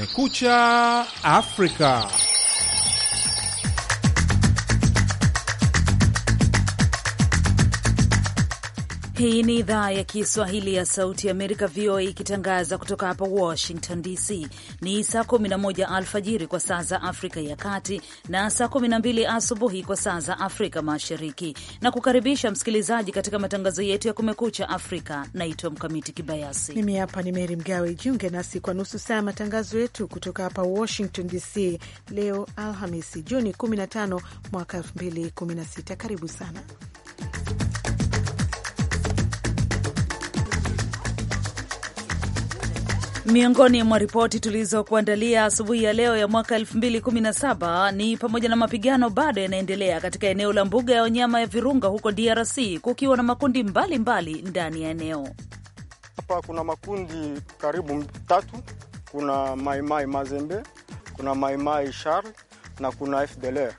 Escucha África. Hii ni idhaa ya Kiswahili ya Sauti ya Amerika, VOA, ikitangaza kutoka hapa Washington DC. Ni saa 11 alfajiri kwa saa za Afrika ya Kati na saa 12 asubuhi kwa saa za Afrika Mashariki, na kukaribisha msikilizaji katika matangazo yetu ya Kumekucha Afrika. Naitwa Mkamiti Kibayasi, mimi hapa ni Meri Mgawe. Jiunge nasi kwa nusu saa ya matangazo yetu kutoka hapa Washington DC, leo Alhamisi Juni 15 mwaka 2016. Karibu sana. Miongoni mwa ripoti tulizokuandalia asubuhi ya leo ya mwaka 2017 ni pamoja na mapigano bado yanaendelea katika eneo la mbuga ya wanyama ya Virunga huko DRC, kukiwa na makundi mbalimbali mbali ndani ya eneo hapa. Kuna makundi karibu tatu, kuna maimai Mazembe, kuna maimai Charles na kuna FDLR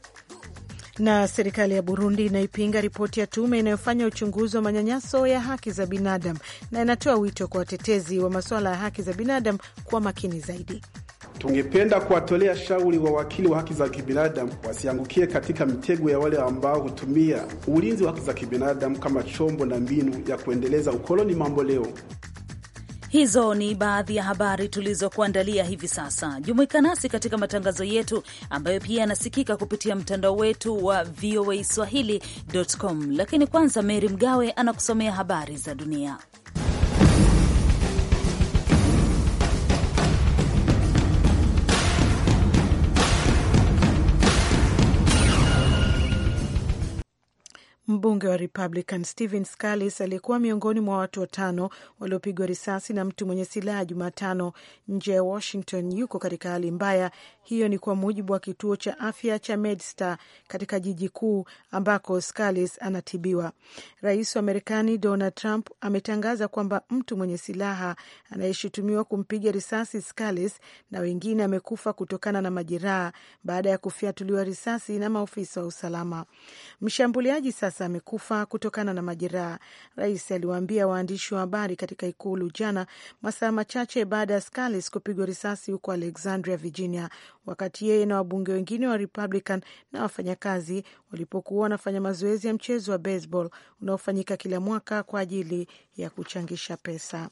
na serikali ya Burundi inaipinga ripoti ya tume inayofanya uchunguzi wa manyanyaso ya haki za binadamu na inatoa wito kwa watetezi wa masuala ya haki za binadamu kuwa makini zaidi. Tungependa kuwatolea shauri wakili wa haki za kibinadamu wasiangukie katika mitego ya wale ambao hutumia ulinzi wa haki za kibinadamu kama chombo na mbinu ya kuendeleza ukoloni mambo leo. Hizo ni baadhi ya habari tulizokuandalia hivi sasa. Jumuika nasi katika matangazo yetu ambayo pia yanasikika kupitia mtandao wetu wa VOA Swahili.com, lakini kwanza mery Mgawe anakusomea habari za dunia. Mbunge wa Republican Stephen Scalise aliyekuwa miongoni mwa watu watano waliopigwa risasi na mtu mwenye silaha Jumatano nje ya Washington yuko katika hali mbaya hiyo ni kwa mujibu wa kituo cha afya cha MedStar katika jiji kuu ambako Scales anatibiwa. Rais wa Marekani Donald Trump ametangaza kwamba mtu mwenye silaha anayeshutumiwa kumpiga risasi Scales na wengine amekufa kutokana na majeraha baada ya kufyatuliwa risasi na maofisa wa usalama. Mshambuliaji sasa amekufa kutokana na majeraha, rais aliwaambia waandishi wa habari katika ikulu jana, masaa machache baada ya Scales kupigwa risasi huko Alexandria, Virginia wakati yeye na wabunge wengine wa Republican na wafanyakazi walipokuwa wanafanya mazoezi ya mchezo wa baseball unaofanyika kila mwaka kwa ajili ya kuchangisha pesa.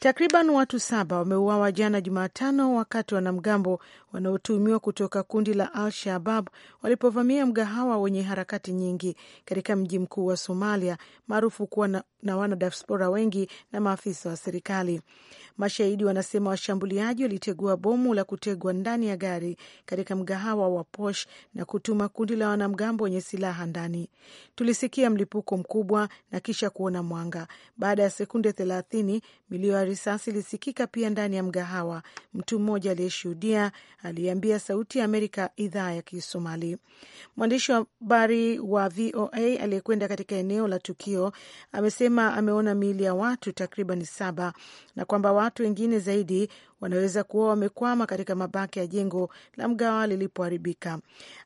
Takriban watu saba wameuawa jana Jumatano wakati wanamgambo wanaotuhumiwa kutoka kundi la Al Shabab walipovamia mgahawa wenye harakati nyingi katika mji mkuu wa Somalia maarufu kuwa na, na wanadiaspora wengi na maafisa wa serikali. Mashahidi wanasema washambuliaji walitegua bomu la kutegwa ndani ya gari katika mgahawa wa Posh na kutuma kundi la wanamgambo wenye silaha ndani. Tulisikia mlipuko mkubwa na kisha kuona mwanga. Baada ya sekunde thelathini, milio ya risasi ilisikika pia ndani ya mgahawa. Mtu mmoja aliyeshuhudia aliambia Sauti ya Amerika idhaa ya Kisomali. Mwandishi wa habari wa VOA aliyekwenda katika eneo la tukio amesema ameona miili ya watu takriban saba na kwamba watu wengine zaidi wanaweza kuwa wamekwama katika mabaki ya jengo la mgawa lilipoharibika.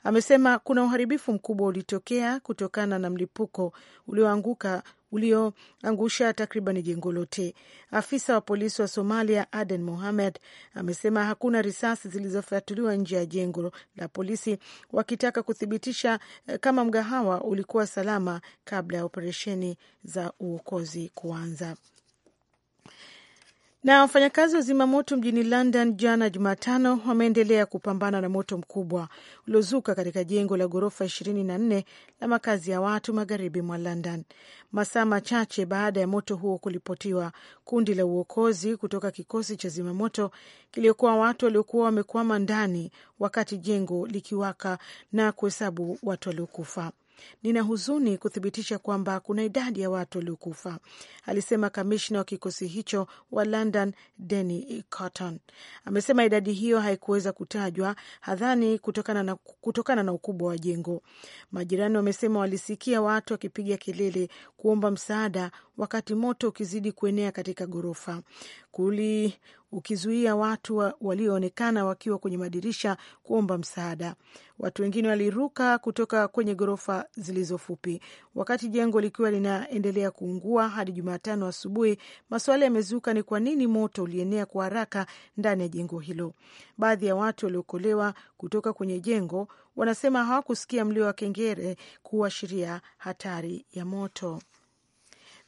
Amesema kuna uharibifu mkubwa ulitokea kutokana na mlipuko ulioanguka ulioangusha takriban jengo lote. Afisa wa polisi wa Somalia Aden Mohamed amesema hakuna risasi zilizofyatuliwa nje ya jengo la polisi, wakitaka kuthibitisha eh, kama mgahawa ulikuwa salama kabla ya operesheni za uokozi kuanza. Na wafanyakazi wa zimamoto mjini London jana Jumatano wameendelea kupambana na moto mkubwa uliozuka katika jengo la ghorofa 24 la makazi ya watu magharibi mwa London. Masaa machache baada ya moto huo kulipotiwa kundi la uokozi kutoka kikosi cha zimamoto kiliokoa watu waliokuwa wamekwama ndani wakati jengo likiwaka na kuhesabu watu waliokufa nina huzuni kuthibitisha kwamba kuna idadi ya watu waliokufa, alisema kamishna wa kikosi hicho wa London Denny Cotton. Amesema idadi hiyo haikuweza kutajwa hadhani kutokana na, kutokana na ukubwa wa jengo. Majirani wamesema walisikia watu wakipiga kelele kuomba msaada wakati moto ukizidi kuenea katika ghorofa kuli ukizuia watu wa, walioonekana wakiwa kwenye madirisha kuomba msaada. Watu wengine waliruka kutoka kwenye ghorofa zilizofupi Wakati jengo likiwa linaendelea kuungua hadi Jumatano asubuhi, maswali yamezuka ni kwa nini moto ulienea kwa haraka ndani ya jengo hilo. Baadhi ya watu waliokolewa kutoka kwenye jengo wanasema hawakusikia mlio wa kengele kuashiria hatari ya moto.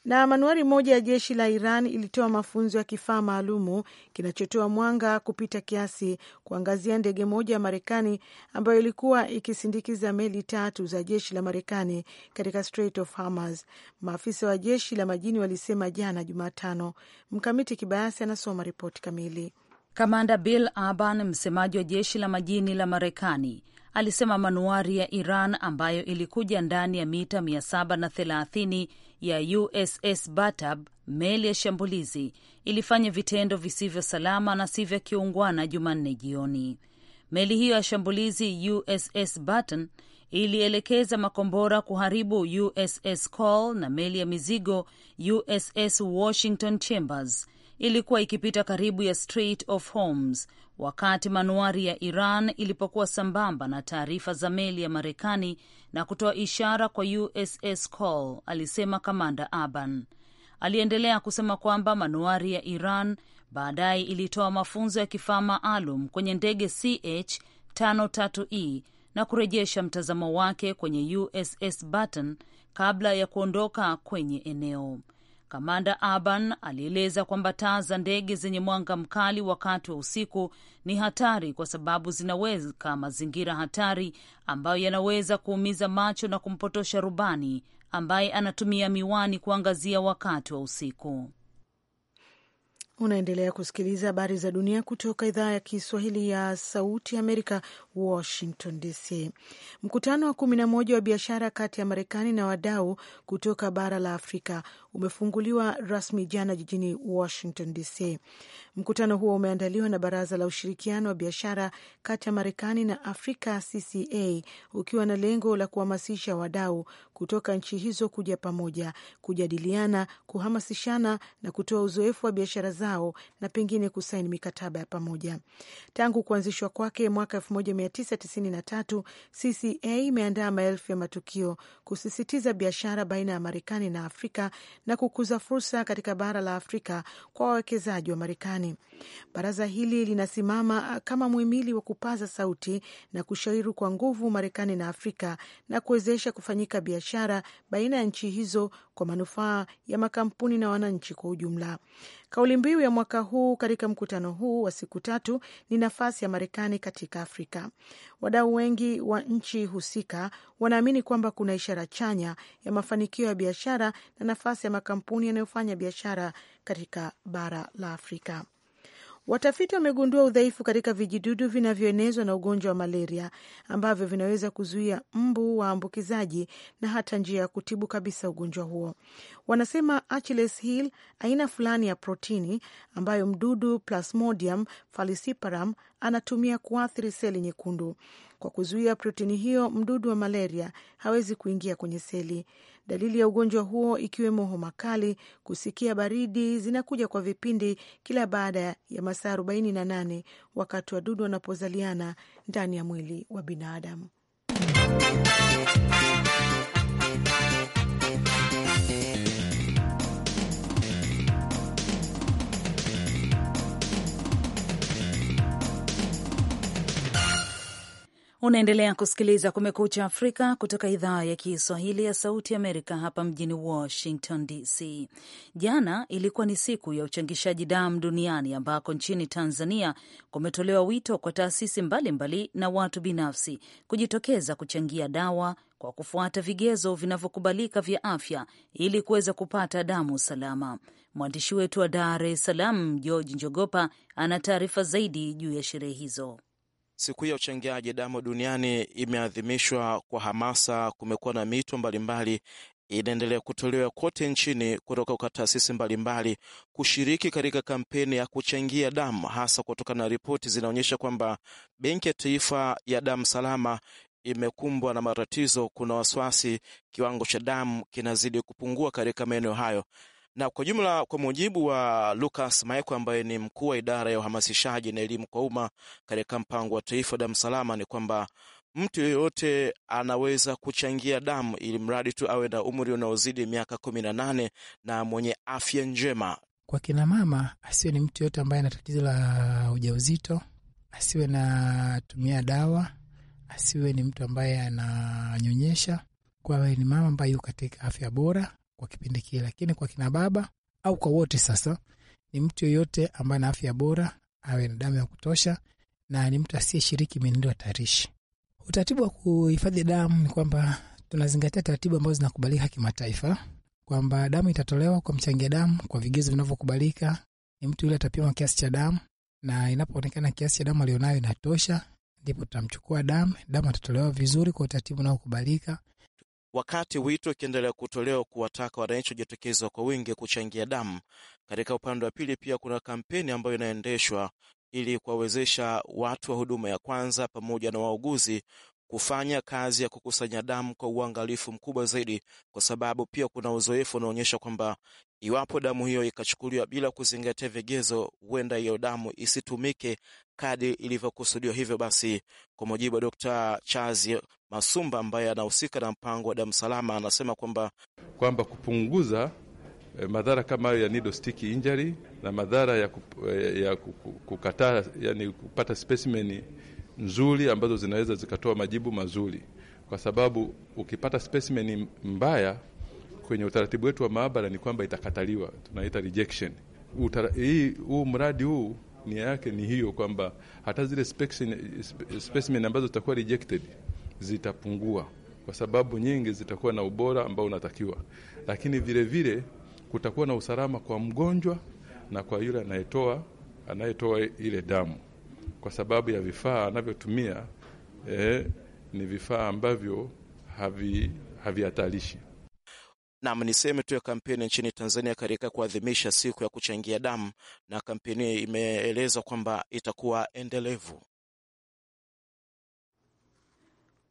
Na manuari moja ya jeshi la Iran ilitoa mafunzo ya kifaa maalumu kinachotoa mwanga kupita kiasi kuangazia ndege moja ya Marekani ambayo ilikuwa ikisindikiza meli tatu za jeshi la Marekani katika Strait of Hormuz, maafisa wa jeshi la majini walisema jana Jumatano. Mkamiti Kibayasi anasoma ripoti kamili. Kamanda Bill Aban, msemaji wa jeshi la majini la Marekani, alisema manuari ya Iran ambayo ilikuja ndani ya mita 730 ya USS Batab, meli ya shambulizi, ilifanya vitendo visivyo salama na si vya kiungwana Jumanne jioni. Meli hiyo ya shambulizi USS Baton ilielekeza makombora kuharibu USS call na meli ya mizigo USS Washington Chambers ilikuwa ikipita karibu ya Strait of Hormuz wakati manuari ya Iran ilipokuwa sambamba na taarifa za meli ya Marekani na kutoa ishara kwa USS Cole, alisema kamanda Aban. Aliendelea kusema kwamba manuari ya Iran baadaye ilitoa mafunzo ya kifaa maalum kwenye ndege CH-53E e na kurejesha mtazamo wake kwenye USS Baton kabla ya kuondoka kwenye eneo. Kamanda Aban alieleza kwamba taa za ndege zenye mwanga mkali wakati wa usiku ni hatari kwa sababu zinaweka mazingira hatari ambayo yanaweza kuumiza macho na kumpotosha rubani ambaye anatumia miwani kuangazia wakati wa usiku. Unaendelea kusikiliza habari za dunia kutoka idhaa ya Kiswahili ya Sauti Amerika, Washington DC. Mkutano wa kumi na moja wa biashara kati ya Marekani na wadau kutoka bara la Afrika umefunguliwa rasmi jana jijini Washington DC. Mkutano huo umeandaliwa na Baraza la Ushirikiano wa Biashara kati ya Marekani na Afrika, CCA, ukiwa na lengo la kuhamasisha wadau kutoka nchi hizo kuja pamoja, kujadiliana, kuhamasishana na kutoa uzoefu wa biashara zao na pengine kusaini mikataba ya pamoja. Tangu kuanzishwa kwake mwaka 1993 CCA imeandaa maelfu ya matukio kusisitiza biashara baina ya Marekani na Afrika na kukuza fursa katika bara la Afrika kwa wawekezaji wa Marekani. Marekani. Baraza hili linasimama kama muhimili wa kupaza sauti na kushauri kwa nguvu Marekani na Afrika na kuwezesha kufanyika biashara baina ya nchi hizo kwa manufaa ya makampuni na wananchi kwa ujumla. Kauli mbiu ya mwaka huu katika mkutano huu wa siku tatu ni nafasi ya Marekani katika Afrika. Wadau wengi wa nchi husika wanaamini kwamba kuna ishara chanya ya mafanikio ya biashara na nafasi ya makampuni yanayofanya biashara katika bara la Afrika. Watafiti wamegundua udhaifu katika vijidudu vinavyoenezwa na ugonjwa wa malaria ambavyo vinaweza kuzuia mbu waambukizaji na hata njia ya kutibu kabisa ugonjwa huo. Wanasema Achilles heel, aina fulani ya protini ambayo mdudu Plasmodium falciparum anatumia kuathiri seli nyekundu. Kwa kuzuia protini hiyo, mdudu wa malaria hawezi kuingia kwenye seli. Dalili ya ugonjwa huo ikiwemo homa kali, kusikia baridi, zinakuja kwa vipindi kila baada ya masaa 48 wakati wadudu wanapozaliana ndani ya mwili wa binadamu. Unaendelea kusikiliza Kumekucha Afrika kutoka idhaa ya Kiswahili ya Sauti Amerika hapa mjini Washington DC. Jana ilikuwa ni siku ya uchangishaji damu duniani, ambako nchini Tanzania kumetolewa wito kwa taasisi mbalimbali mbali na watu binafsi kujitokeza kuchangia dawa kwa kufuata vigezo vinavyokubalika vya afya ili kuweza kupata damu salama. Mwandishi wetu wa Dar es Salaam George Njogopa ana taarifa zaidi juu ya sherehe hizo. Siku ya uchangiaji damu duniani imeadhimishwa kwa hamasa. Kumekuwa na mito mbalimbali inaendelea kutolewa kote nchini kutoka kwa taasisi mbalimbali kushiriki katika kampeni ya kuchangia damu, hasa kutokana na ripoti zinaonyesha kwamba Benki ya Taifa ya Damu Salama imekumbwa na matatizo. Kuna wasiwasi kiwango cha damu kinazidi kupungua katika maeneo hayo na kwa jumla, kwa mujibu wa Lucas Maeko ambaye ni mkuu wa idara ya uhamasishaji na elimu kwa umma katika mpango wa taifa wa damu salama, ni kwamba mtu yeyote anaweza kuchangia damu ili mradi tu awe na umri unaozidi miaka kumi na nane na mwenye afya njema. Kwa kinamama, asiwe ni mtu yoyote ambaye ana tatizo la ujauzito, asiwe natumia dawa, asiwe ni mtu ambaye ananyonyesha, kwa ni mama ambaye yuko katika afya bora kwa kipindi kile, lakini kwa kina baba au kwa wote sasa, ni mtu yoyote ambaye ana afya bora, awe na damu ya kutosha na ni mtu asiyeshiriki mienendo hatarishi. Utaratibu wa kuhifadhi damu ni kwamba tunazingatia taratibu ambazo zinakubalika kimataifa, kwamba damu itatolewa kwa mchangia damu kwa vigezo vinavyokubalika. Ni mtu yule atapima kiasi cha damu, na inapoonekana kiasi cha damu alionayo inatosha, ndipo tutamchukua damu. Damu atatolewa vizuri kwa utaratibu unaokubalika, Wakati wito ukiendelea kutolewa kuwataka wananchi wajitokeza kwa wingi kuchangia damu, katika upande wa pili pia kuna kampeni ambayo inaendeshwa ili kuwawezesha watu wa huduma ya kwanza pamoja na wauguzi kufanya kazi ya kukusanya damu kwa uangalifu mkubwa zaidi, kwa sababu pia kuna uzoefu unaonyesha kwamba Iwapo damu hiyo ikachukuliwa bila kuzingatia vigezo, huenda hiyo damu isitumike kadi ilivyokusudiwa. Hivyo basi, kwa mujibu wa Dr. Charles Masumba ambaye anahusika na mpango wa damu salama, anasema kwamba kwamba kupunguza eh, madhara kama hayo ya needle stick injury na madhara ya, kup, eh, ya kukataa yani kupata specimen nzuri ambazo zinaweza zikatoa majibu mazuri, kwa sababu ukipata specimen mbaya kwenye utaratibu wetu wa maabara ni kwamba itakataliwa, tunaita rejection. Huu mradi huu nia yake ni hiyo kwamba hata zile specimen ambazo zitakuwa rejected zitapungua kwa sababu nyingi zitakuwa na ubora ambao unatakiwa, lakini vilevile vile, kutakuwa na usalama kwa mgonjwa na kwa yule anayetoa anayetoa ile damu kwa sababu ya vifaa anavyotumia eh, ni vifaa ambavyo havihatarishi havi Nam, sehemu tu ya kampeni nchini Tanzania katika kuadhimisha siku ya kuchangia damu, na kampeni imeelezwa kwamba itakuwa endelevu.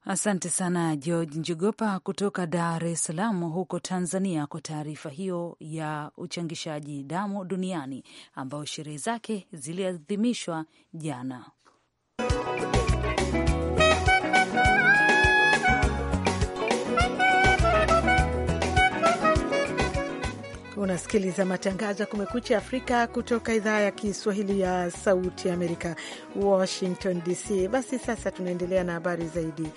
Asante sana George Njogopa kutoka Dar es Salaam huko Tanzania kwa taarifa hiyo ya uchangishaji damu duniani ambayo sherehe zake ziliadhimishwa jana. Unasikiliza matangazo ya Kumekucha Afrika kutoka idhaa ya Kiswahili ya Sauti Amerika, Washington DC. Basi sasa tunaendelea na habari zaidi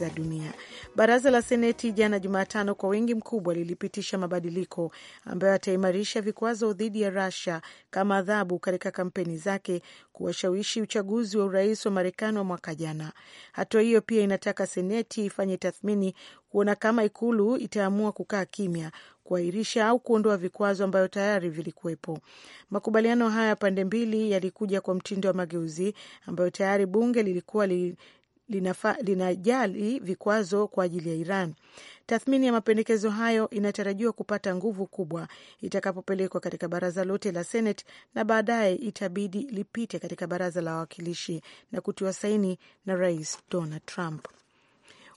za dunia. Baraza la Seneti jana Jumatano kwa wingi mkubwa lilipitisha mabadiliko ambayo yataimarisha vikwazo dhidi ya rusia kama adhabu katika kampeni zake kuwashawishi uchaguzi wa urais wa Marekani wa mwaka jana. Hatua hiyo pia inataka Seneti ifanye tathmini kuona kama Ikulu itaamua kukaa kimya kuahirisha au kuondoa vikwazo ambayo tayari vilikuwepo. Makubaliano haya ya pande mbili yalikuja kwa mtindo wa mageuzi ambayo tayari bunge lilikuwa li linajali vikwazo kwa ajili ya Iran. Tathmini ya mapendekezo hayo inatarajiwa kupata nguvu kubwa itakapopelekwa katika baraza lote la Senate na baadaye itabidi lipite katika baraza la wawakilishi na kutiwa saini na Rais Donald Trump.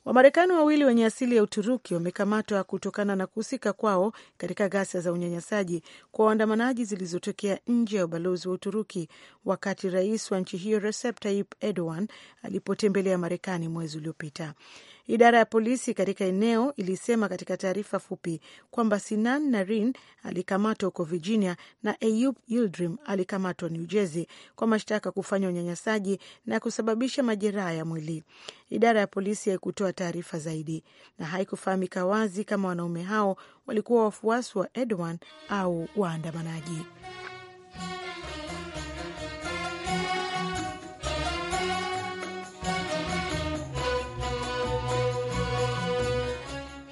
Wamarekani wawili wenye asili ya Uturuki wamekamatwa kutokana na kuhusika kwao katika ghasia za unyanyasaji kwa waandamanaji zilizotokea nje ya ubalozi wa Uturuki wakati rais wa nchi hiyo Recep Tayyip Erdogan alipotembelea Marekani mwezi uliopita. Idara ya polisi katika eneo ilisema katika taarifa fupi kwamba Sinan Narin alikamatwa huko Virginia na Ayub Yildrim alikamatwa New Jersey kwa mashtaka kufanya unyanyasaji na kusababisha majeraha ya mwili. Idara ya polisi haikutoa taarifa zaidi na haikufahamika wazi kama wanaume hao walikuwa wafuasi wa Edwan au waandamanaji.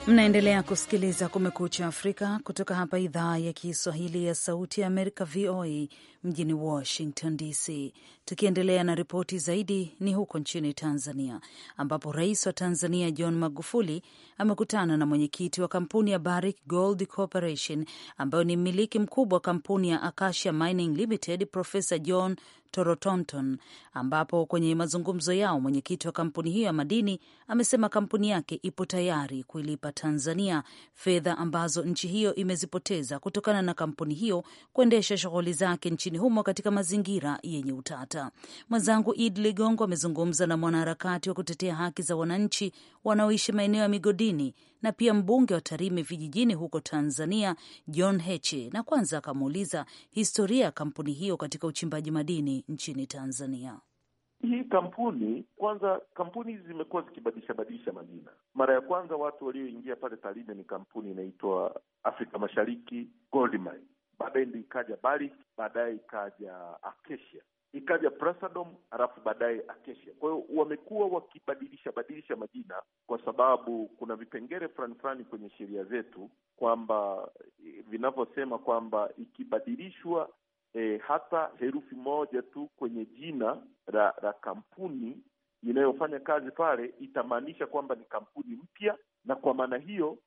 Mnaendelea kusikiliza Kumekucha Afrika kutoka hapa idhaa ya Kiswahili ya Sauti ya Amerika, VOA mjini Washington DC. Tukiendelea na ripoti zaidi, ni huko nchini Tanzania ambapo rais wa Tanzania John Magufuli amekutana na mwenyekiti wa kampuni ya Barrick Gold Corporation ambayo ni mmiliki mkubwa wa kampuni ya Acacia Mining Limited, Profesa John Torotonton, ambapo kwenye mazungumzo yao mwenyekiti wa kampuni hiyo ya madini amesema kampuni yake ipo tayari kuilipa Tanzania fedha ambazo nchi hiyo imezipoteza kutokana na kampuni hiyo kuendesha shughuli zake nchini humo katika mazingira yenye utata. Mwenzangu Id Ligongo amezungumza na mwanaharakati wa kutetea haki za wananchi wanaoishi maeneo ya migodini na pia mbunge wa Tarime vijijini huko Tanzania, John Heche, na kwanza akamuuliza historia ya kampuni hiyo katika uchimbaji madini nchini Tanzania. Hii kampuni kwanza, kampuni hizi zimekuwa zikibadilisha badilisha majina. Mara ya kwanza watu walioingia pale Tarime ni kampuni inaitwa Afrika Mashariki Gold Mine, baadaye ndio ikaja Barrick, baadaye ikaja Acacia ikaja Prasadom halafu baadaye Acacia. Kwa hiyo wamekuwa wakibadilisha badilisha majina kwa sababu kuna vipengele fulani fulani kwenye sheria zetu kwamba e, vinavyosema kwamba ikibadilishwa e, hata herufi moja tu kwenye jina la la kampuni inayofanya kazi pale itamaanisha kwamba ni kampuni mpya, na kwa maana hiyo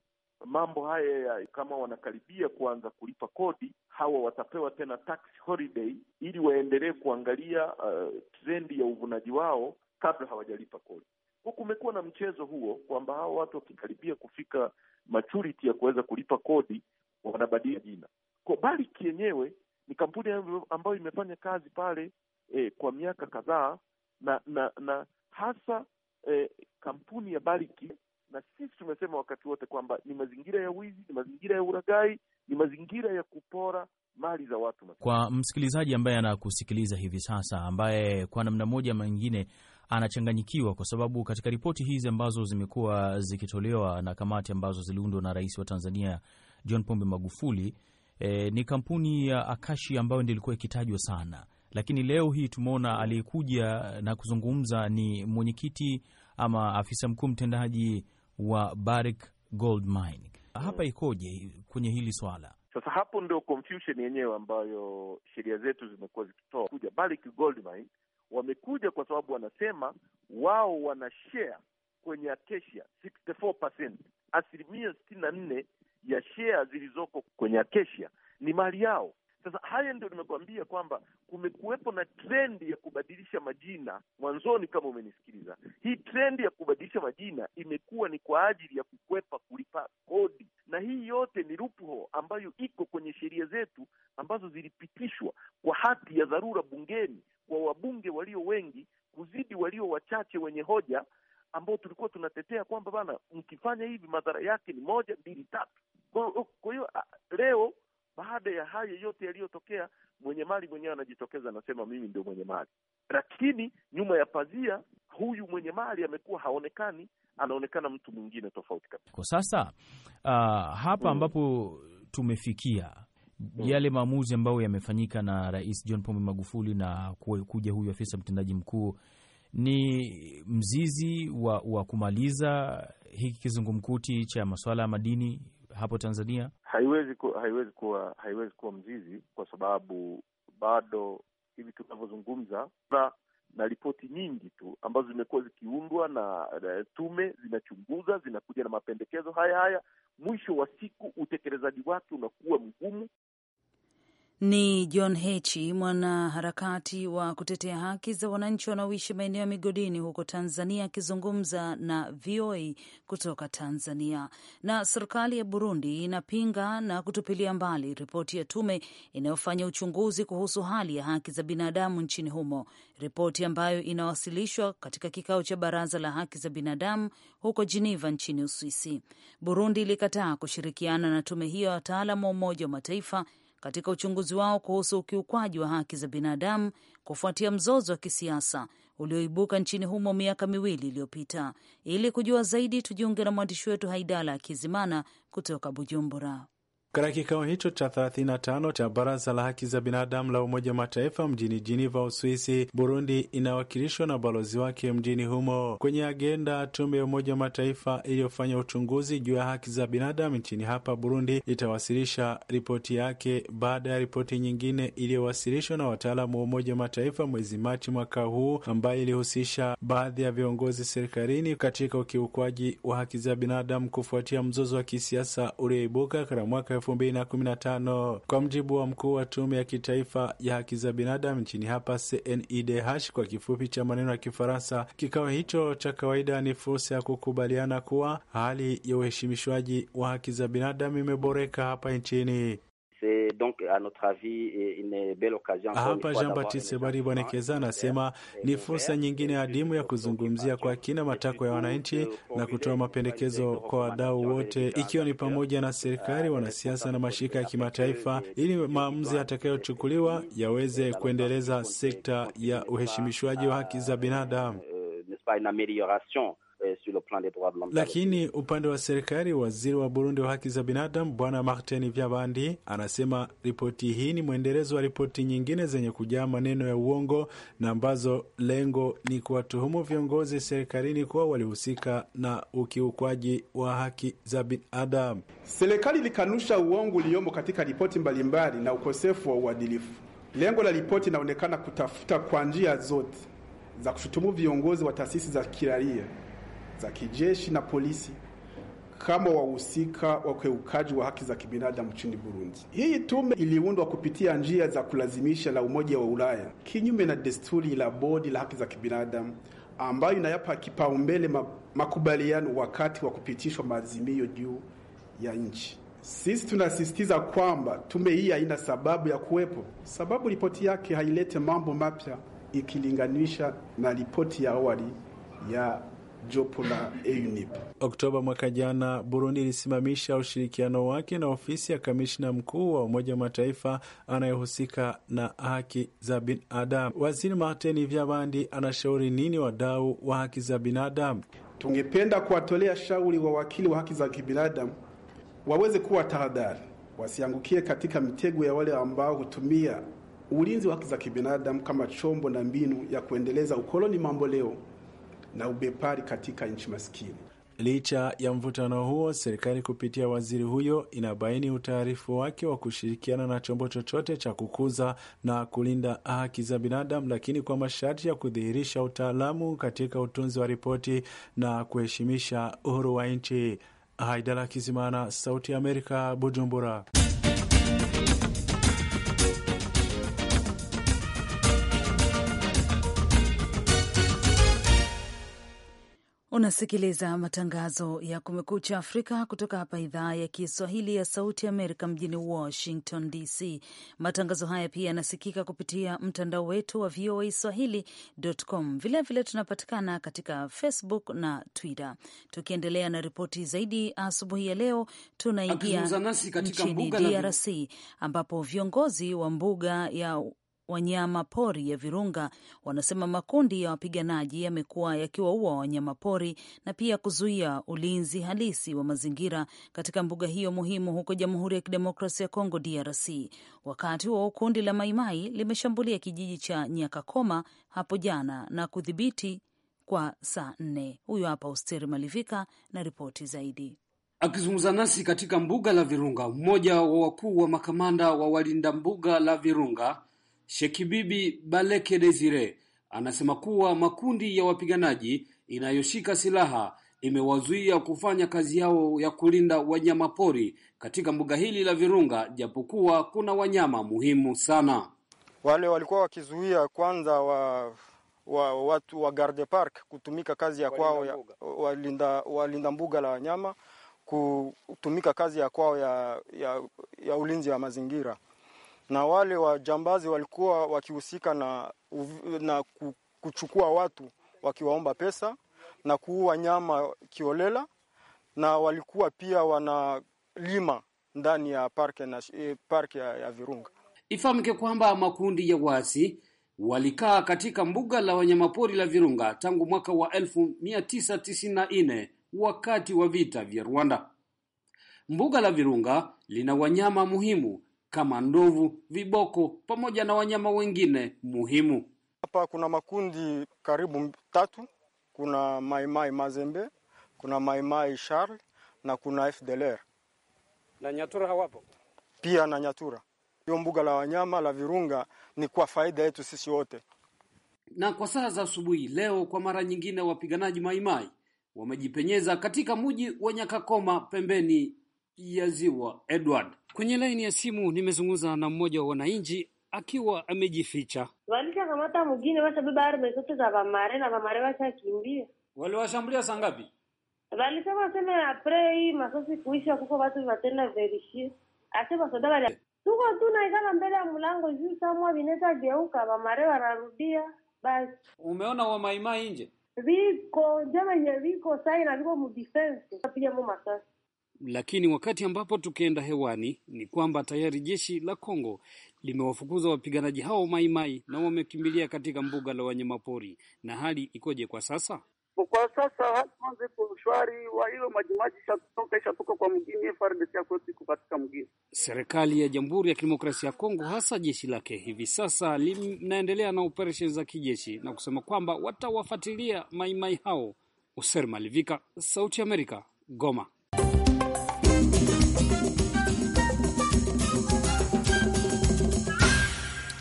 mambo haya ya kama wanakaribia kuanza kulipa kodi, hawa watapewa tena tax holiday ili waendelee kuangalia uh, trendi ya uvunaji wao kabla hawajalipa kodi. Kwa kumekuwa na mchezo huo kwamba hawa watu wakikaribia kufika maturity ya kuweza kulipa kodi wanabadilia jina. Kwa Barrick yenyewe ni kampuni ambayo imefanya kazi pale eh, kwa miaka kadhaa na na na hasa eh, kampuni ya Barrick na sisi tumesema wakati wote kwamba ni mazingira ya wizi, ni mazingira ya uragai ni mazingira ya kupora mali za watu. Kwa msikilizaji ambaye anakusikiliza hivi sasa, ambaye kwa namna moja ama nyingine anachanganyikiwa, kwa sababu katika ripoti hizi ambazo zimekuwa zikitolewa na kamati ambazo ziliundwa na rais wa Tanzania John Pombe Magufuli, e, ni kampuni ya Akashi ambayo ndiyo ilikuwa ikitajwa sana, lakini leo hii tumeona aliyekuja na kuzungumza ni mwenyekiti ama afisa mkuu mtendaji wa Barrick Gold Mine. Hapa ikoje kwenye hili swala? Sasa hapo ndio confusion yenyewe ambayo sheria zetu zimekuwa zikitoa. Kuja Barrick Gold Mine wamekuja kwa sababu wanasema wao wana share kwenye Acacia 64%, asilimia sitini na nne ya share zilizoko kwenye Acacia ni mali yao. Sasa haya ndio nimekuambia kwamba kumekuwepo na trendi ya kubadilisha majina mwanzoni, kama umenisikiliza. Hii trendi ya kubadilisha majina imekuwa ni kwa ajili ya kukwepa kulipa kodi, na hii yote ni rupho ambayo iko kwenye sheria zetu ambazo zilipitishwa kwa hati ya dharura bungeni kwa wabunge walio wengi kuzidi walio wachache wenye hoja, ambao tulikuwa tunatetea kwamba bana, mkifanya hivi madhara yake ni moja, mbili, tatu. Kwa hiyo leo baada ya haya yote yaliyotokea, mwenye mali mwenyewe anajitokeza anasema, mimi ndio mwenye mali, lakini nyuma ya pazia huyu mwenye mali amekuwa haonekani, anaonekana mtu mwingine tofauti kabisa. Kwa sasa uh, hapa mm. ambapo tumefikia mm. yale maamuzi ambayo yamefanyika na Rais John Pombe Magufuli na kuja huyu afisa mtendaji mkuu ni mzizi wa, wa kumaliza hiki kizungumkuti cha masuala ya madini hapo Tanzania? Haiwezi kuwa, haiwezi kuwa, haiwezi kuwa mzizi kwa sababu bado hivi tunavyozungumza na, na ripoti nyingi tu ambazo zimekuwa zikiundwa na, na tume zinachunguza, zinakuja na mapendekezo haya haya, mwisho wa siku utekelezaji wake unakuwa mgumu. Ni John Hechi, mwanaharakati wa kutetea haki za wananchi wanaoishi maeneo ya migodini huko Tanzania, akizungumza na VOA kutoka Tanzania. Na serikali ya Burundi inapinga na kutupilia mbali ripoti ya tume inayofanya uchunguzi kuhusu hali ya haki za binadamu nchini humo, ripoti ambayo inawasilishwa katika kikao cha baraza la haki za binadamu huko Geneva nchini Uswisi. Burundi ilikataa kushirikiana na tume hiyo ya wataalam wa Umoja wa Mataifa katika uchunguzi wao kuhusu ukiukwaji wa haki za binadamu kufuatia mzozo wa kisiasa ulioibuka nchini humo miaka miwili iliyopita. Ili kujua zaidi, tujiunge na mwandishi wetu Haidala Akizimana kutoka Bujumbura. Katika kikao hicho cha 35 cha Baraza la Haki za Binadamu la Umoja Mataifa mjini Jiniva, Uswisi, Burundi inawakilishwa na balozi wake mjini humo. Kwenye agenda, tume ya Umoja Mataifa iliyofanya uchunguzi juu ya haki za binadamu nchini hapa Burundi itawasilisha ripoti yake baada ya ripoti nyingine iliyowasilishwa na wataalamu wa Umoja Mataifa mwezi Machi mwaka huu, ambayo ilihusisha baadhi ya viongozi serikalini katika ukiukwaji wa haki za binadamu kufuatia mzozo wa kisiasa ulioibuka katika mwaka elfu mbili na kumi na tano kwa mjibu wa mkuu wa tume ya kitaifa ya haki za binadamu nchini hapa cnedh kwa kifupi cha maneno ya Kifaransa. Kikao hicho cha kawaida ni fursa ya kukubaliana kuwa hali ya uheshimishwaji wa haki za binadamu imeboreka hapa nchini donc à notre avis une belle occasion. Hapa Jean Baptiste Bonekeza anasema ni fursa nyingine adimu ya kuzungumzia kwa kina matakwa ya wananchi na kutoa mapendekezo kwa wadau wote, ikiwa ni pamoja na serikali, uh, wanasiasa na mashirika ya kimataifa, ili maamuzi yatakayochukuliwa yaweze kuendeleza sekta ya uheshimishwaji wa haki za uh, binadamu. Uh, eh, sur le plan des droits de l'homme. Lakini upande wa serikali, waziri wa Burundi wa haki za binadamu Bwana Martin Vyabandi anasema ripoti hii ni mwendelezo wa ripoti nyingine zenye kujaa maneno ya uongo na ambazo lengo ni kuwatuhumu viongozi serikalini kuwa walihusika na ukiukwaji wa haki za binadamu. Serikali ilikanusha uongo uliomo katika ripoti mbalimbali na ukosefu wa uadilifu. Lengo la ripoti inaonekana kutafuta kwa njia zote za kushutumu viongozi wa taasisi za kiraia za kijeshi na polisi kama wahusika wa ukiukaji wa haki za kibinadamu nchini Burundi. Hii tume iliundwa kupitia njia za kulazimisha la Umoja wa Ulaya kinyume na desturi la bodi la haki za kibinadamu ambayo inayapa kipaumbele makubaliano wakati wa kupitishwa maazimio juu ya nchi. Sisi tunasisitiza kwamba tume hii haina sababu ya kuwepo, sababu ripoti yake hailete mambo mapya ikilinganisha na ripoti ya awali ya jopo la EUNIP. Oktoba mwaka jana, Burundi ilisimamisha ushirikiano wake na ofisi ya kamishna mkuu wa Umoja wa Mataifa anayehusika na haki za binadamu. Waziri Martin Vyabandi anashauri nini wadau wa haki za binadamu? Tungependa kuwatolea shauri wakili wa haki za kibinadamu waweze kuwa tahadhari, wasiangukie katika mitego ya wale ambao hutumia ulinzi wa haki za kibinadamu kama chombo na mbinu ya kuendeleza ukoloni mambo leo na ubepari katika nchi maskini. Licha ya mvutano huo, serikali kupitia waziri huyo inabaini utaarifu wake wa kushirikiana na chombo chochote cha kukuza na kulinda haki za binadamu, lakini kwa masharti ya kudhihirisha utaalamu katika utunzi wa ripoti na kuheshimisha uhuru wa nchi. Haidala Kizimana, Sauti ya Amerika, Bujumbura. Unasikiliza matangazo ya Kumekucha Afrika kutoka hapa idhaa ya Kiswahili ya Sauti Amerika mjini Washington DC. Matangazo haya pia yanasikika kupitia mtandao wetu wa VOA Swahili.com. Vilevile tunapatikana katika Facebook na Twitter. Tukiendelea na ripoti zaidi asubuhi ya leo, tunaingia nchini DRC ambapo viongozi wa mbuga ya wanyama pori ya Virunga wanasema makundi ya wapiganaji yamekuwa yakiwaua wanyama pori na pia kuzuia ulinzi halisi wa mazingira katika mbuga hiyo muhimu huko Jamhuri ya Kidemokrasia ya Kongo, DRC. Wakati huo kundi la Maimai limeshambulia kijiji cha Nyakakoma hapo jana na kudhibiti kwa saa nne. Huyu hapa Usteri Malivika na ripoti zaidi. Akizungumza nasi katika mbuga la Virunga, mmoja wa wakuu wa makamanda wa walinda mbuga la Virunga Shekibibi Baleke Desire anasema kuwa makundi ya wapiganaji inayoshika silaha imewazuia kufanya kazi yao ya kulinda wanyama pori katika mbuga hili la Virunga, japokuwa kuna wanyama muhimu sana. Wale walikuwa wakizuia kwanza wa, wa, watu wa Garde Park kutumika kazi ya kwao ya, walinda, walinda mbuga la wanyama kutumika kazi ya kwao ya, ya, ya ulinzi wa mazingira na wale wajambazi walikuwa wakihusika na, na kuchukua watu wakiwaomba pesa na kuua nyama kiolela, na walikuwa pia wanalima ndani ya parke, na, eh, parke ya, ya Virunga. Ifahamike kwamba makundi ya waasi walikaa katika mbuga la wanyamapori la Virunga tangu mwaka wa 1994 wakati wa vita vya Rwanda. Mbuga la Virunga lina wanyama muhimu kama ndovu, viboko pamoja na wanyama wengine muhimu. Hapa kuna makundi karibu tatu, kuna Maimai Mazembe, kuna Maimai Shar na kuna FDLR na Nyatura hawapo pia na Nyatura. Hiyo mbuga la wanyama la Virunga ni kwa faida yetu sisi wote. Na kwa saa za asubuhi leo, kwa mara nyingine, wapiganaji Maimai wamejipenyeza katika mji wa Nyakakoma pembeni ya Ziwa Edward. Kwenye laini ya simu nimezungumza na mmoja wa wananchi akiwa amejificha. walishakamata mugine washabeba arme zote za vamare na vamare washakimbia. waliwashambulia saa ngapi? walisema seme apre hii masosi kuisha kuko watu watenda verishie asevasoda wali tuko tunaikala mbele ya mlango juu samwa vineta geuka vamare wanarudia basi. Umeona wamaimai nje viko njo nye viko sai na viko mudifensi apiga mu masasi lakini wakati ambapo tukienda hewani ni kwamba tayari jeshi la Kongo limewafukuza wapiganaji hao maimai mai, na wamekimbilia katika mbuga la wanyamapori. Na hali ikoje kwa sasa? Kwa sasa hatuanze iko wa hiyo majimaji shatoka ishatoka kwa mgini kwetu iko katika mgini. Serikali ya Jamhuri ya Kidemokrasia ya Kongo, hasa jeshi lake, hivi sasa linaendelea na operesheni za kijeshi na kusema kwamba watawafuatilia maimai hao. Usermalivika, Malivika, Sauti Amerika, Goma.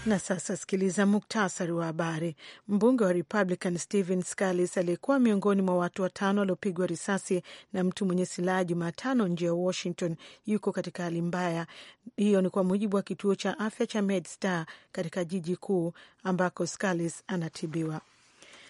Na sasa sikiliza muktasari wa habari. Mbunge wa Republican Stephen Scalise aliyekuwa miongoni mwa watu watano waliopigwa risasi na mtu mwenye silaha Jumatano nje ya Washington yuko katika hali mbaya. Hiyo ni kwa mujibu wa kituo cha afya cha MedStar katika jiji kuu ambako Scalise anatibiwa.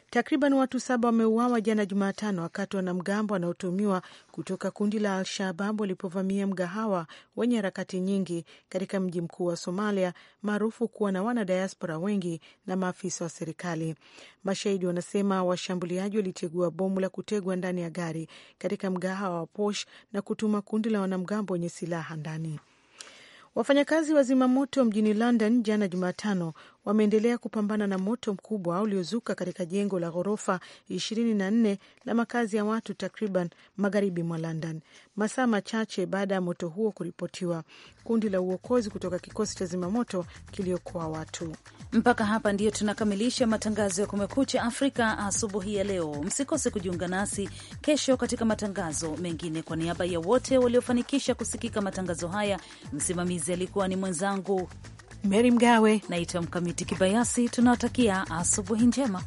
Takriban watu saba wameuawa jana Jumatano wakati wanamgambo wanaotumiwa kutoka kundi la Al-Shabab walipovamia mgahawa wenye harakati nyingi katika mji mkuu wa Somalia, maarufu kuwa na wanadiaspora wengi na maafisa wa serikali. Mashahidi wanasema washambuliaji walitegua bomu la kutegwa ndani ya gari katika mgahawa wa Posh na kutuma kundi la wanamgambo wenye silaha ndani. Wafanyakazi wa zimamoto mjini London jana Jumatano wameendelea kupambana na moto mkubwa uliozuka katika jengo la ghorofa 24 la makazi ya watu takriban magharibi mwa London, masaa machache baada ya moto huo kuripotiwa. Kundi la uokozi kutoka kikosi cha zimamoto kiliokoa watu. Mpaka hapa ndiyo tunakamilisha matangazo ya Kumekucha Afrika asubuhi ya leo. Msikose kujiunga nasi kesho katika matangazo mengine. Kwa niaba ya wote waliofanikisha kusikika matangazo haya, msimamizi alikuwa ni mwenzangu Meri Mgawe, naitwa Mkamiti Kibayasi. Tunawatakia asubuhi njema.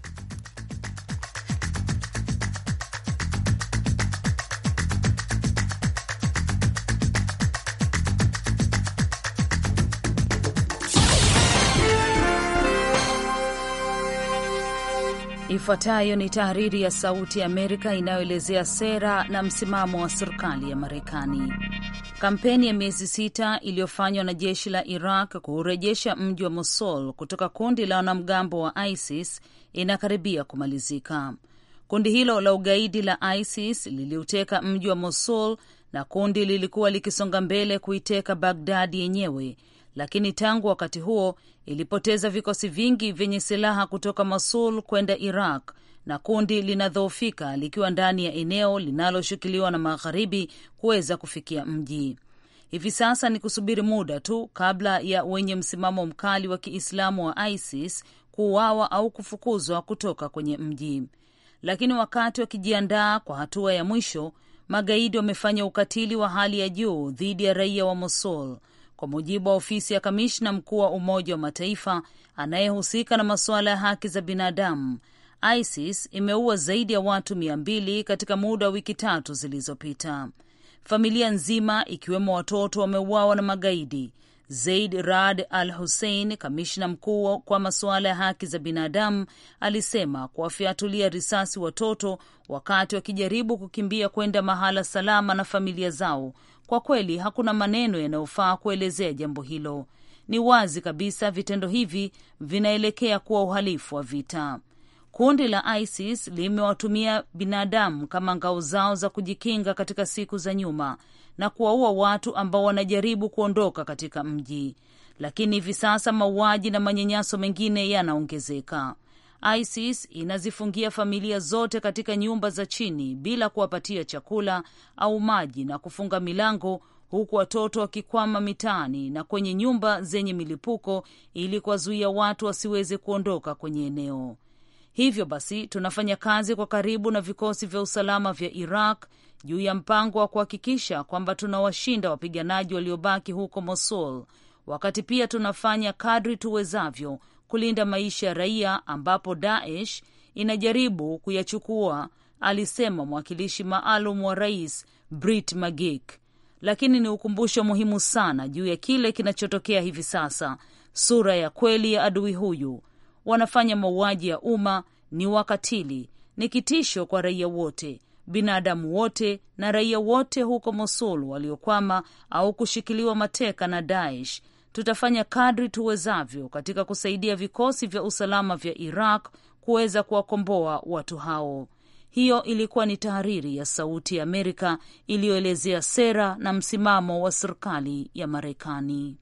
Ifuatayo ni tahariri ya Sauti ya Amerika inayoelezea sera na msimamo wa serikali ya Marekani. Kampeni ya miezi sita iliyofanywa na jeshi la Iraq kuurejesha mji wa Mosul kutoka kundi la wanamgambo wa ISIS inakaribia kumalizika. Kundi hilo la ugaidi la ISIS liliuteka mji wa Mosul na kundi lilikuwa likisonga mbele kuiteka Bagdadi yenyewe, lakini tangu wakati huo ilipoteza vikosi vingi vyenye silaha kutoka Mosul kwenda Iraq na kundi linadhoofika likiwa ndani ya eneo linaloshikiliwa na magharibi kuweza kufikia mji. Hivi sasa ni kusubiri muda tu kabla ya wenye msimamo mkali wa Kiislamu wa ISIS kuuawa au kufukuzwa kutoka kwenye mji. Lakini wakati wakijiandaa kwa hatua ya mwisho, magaidi wamefanya ukatili wa hali ya juu dhidi ya raia wa Mosul, kwa mujibu wa ofisi ya kamishna mkuu wa Umoja wa Mataifa anayehusika na masuala ya haki za binadamu ISIS imeua zaidi ya watu mia mbili katika muda wa wiki tatu zilizopita. Familia nzima ikiwemo watoto wameuawa na magaidi. Zaid rad Al Hussein, kamishna mkuu kwa masuala ya haki za binadamu, alisema kuwafyatulia risasi watoto wakati wakijaribu kukimbia kwenda mahala salama na familia zao, kwa kweli hakuna maneno yanayofaa kuelezea jambo hilo. Ni wazi kabisa vitendo hivi vinaelekea kuwa uhalifu wa vita. Kundi la ISIS limewatumia binadamu kama ngao zao za kujikinga katika siku za nyuma na kuwaua watu ambao wanajaribu kuondoka katika mji, lakini hivi sasa mauaji na manyanyaso mengine yanaongezeka. ISIS inazifungia familia zote katika nyumba za chini bila kuwapatia chakula au maji na kufunga milango huku watoto wakikwama mitaani na kwenye nyumba zenye milipuko ili kuwazuia watu wasiweze kuondoka kwenye eneo. Hivyo basi tunafanya kazi kwa karibu na vikosi vya usalama vya Iraq juu ya mpango wa kuhakikisha kwamba tunawashinda wapiganaji waliobaki huko Mosul, wakati pia tunafanya kadri tuwezavyo kulinda maisha ya raia ambapo Daesh inajaribu kuyachukua, alisema mwakilishi maalum wa rais Brit Magik. Lakini ni ukumbusho muhimu sana juu ya kile kinachotokea hivi sasa, sura ya kweli ya adui huyu wanafanya mauaji ya umma, ni wakatili, ni kitisho kwa raia wote, binadamu wote na raia wote huko Mosul waliokwama au kushikiliwa mateka na Daesh. Tutafanya kadri tuwezavyo katika kusaidia vikosi vya usalama vya Iraq kuweza kuwakomboa watu hao. Hiyo ilikuwa ni tahariri ya Sauti ya Amerika iliyoelezea sera na msimamo wa serikali ya Marekani.